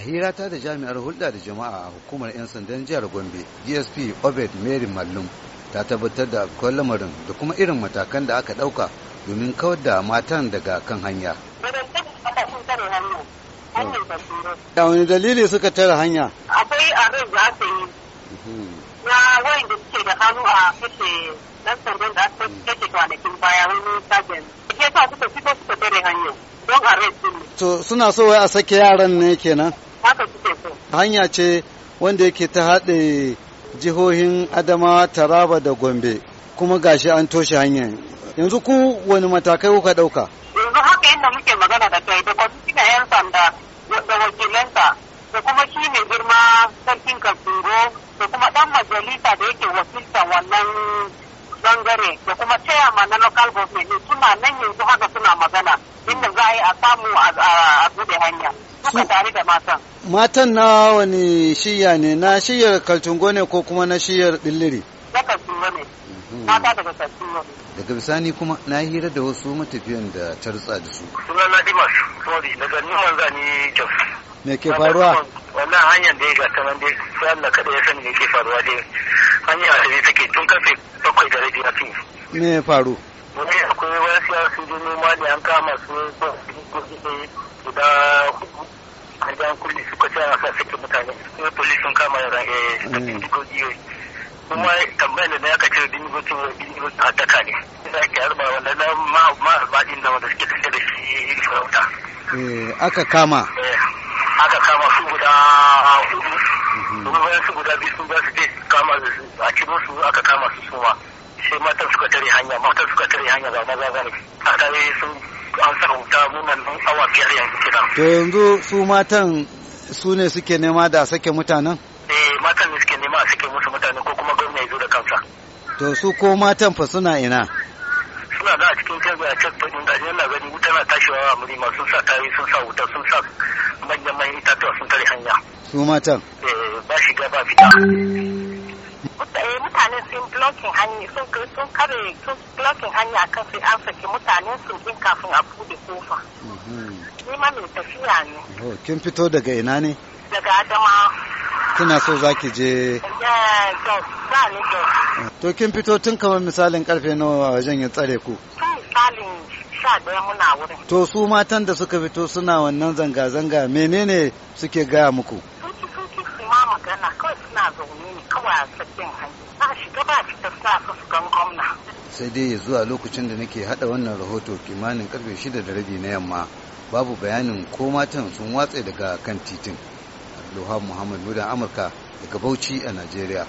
a hirata da jami'ar hulɗa da jama'a a hukumar 'yan sandan jihar gombe dsp obed mary mallum ta tabbatar da akwai lamarin da kuma irin matakan da aka ɗauka domin kawar da matan daga kan hanya Ya wani dalili suka tara hanya akwai rai da aka yi na wayan da suke da hannu a kashe dan sandan da aka kashe kwanakin baya wani sajen ke sa suka fito suka tare hanya don arrest to suna so wai a sake yaran ne kenan hanya ce wanda yake ta haɗe jihohin Adama, taraba da gombe kuma gashi an toshe hanyar yanzu ku wani matakai kuka ɗauka yanzu haka inda muke magana da kai da kwamitina yan sanda da wakilanta da kuma shi ne girma sarkin kasuro da kuma ɗan majalisa da yake wakiltar wannan bangare da kuma chairman na local government suna nan yanzu haka suna magana inda za a yi a samu a bude hanya suka tare da matan matan na wani shiya ne na shiyar kaltungo ne ko kuma na shiyar billiri na kaltungo ne mata mhm. daga kaltungo daga bisani kuma na hira da wasu matafiyan da ta da su sunana dimas sorry daga Niman zani jos me ke faruwa wannan hanyar da ya gata nan dai sai Allah kada ya sani me ke faruwa dai hanya a tsaye take tun karfe bakwai da rabi na fiye. me ya faru. wani akwai wani siyar su je noma ne an kama su guda ko an jan suka ce a sake mutane kuma polis sun kama da eh, mm. kuma tambayar da na yaka ce wa a daka ne harba wanda na da wanda suke tafiya da shi farauta. Eh, aka kama. Eh, aka kama su guda domin bayan su guda biyu sun za su je kama a ci su aka kama su suma sai matan suka tare hanya matan suka tare hanya ba maza ba ne a tare sun an sa wuta munan awa biyar yanzu kidan. to yanzu su matan su ne suke nema da sake mutanen. eh matan ne suke nema a sake musu mutanen ko kuma gwamna ya zo da kansa. to su ko matan fa suna ina. suna da a cikin canza a can fadin da yana gani wuta na tashiwa a murima sun sa tare sun sa wuta sun sa manyan manyan itatuwa sun tare hanya. su matan. ya ba fita mutane mutanen sun blocking hanya sun sun kare sun blocking hanya kan sai an saki mutanen sun din kafin a bude kofa mhm. ni ma mai tafiya ne kin fito daga ina ne daga adama kina so za ki je to kin fito tun kamar misalin karfe nawa wajen ya tsare ku misalin sha ɗaya muna wurin to su matan da suka fito suna wannan zanga-zanga menene suke gaya muku magana kawai suna zaune ne kawai a tsakin hanyar suna fuskan gwamna sai dai ya zuwa lokacin da nake hada wannan rahoto kimanin karfe shida da rabi na yamma babu bayanin ko matan sun watse daga kan titin Abdulhamu Muhammad Mudan Amurka daga Bauchi a Najeriya.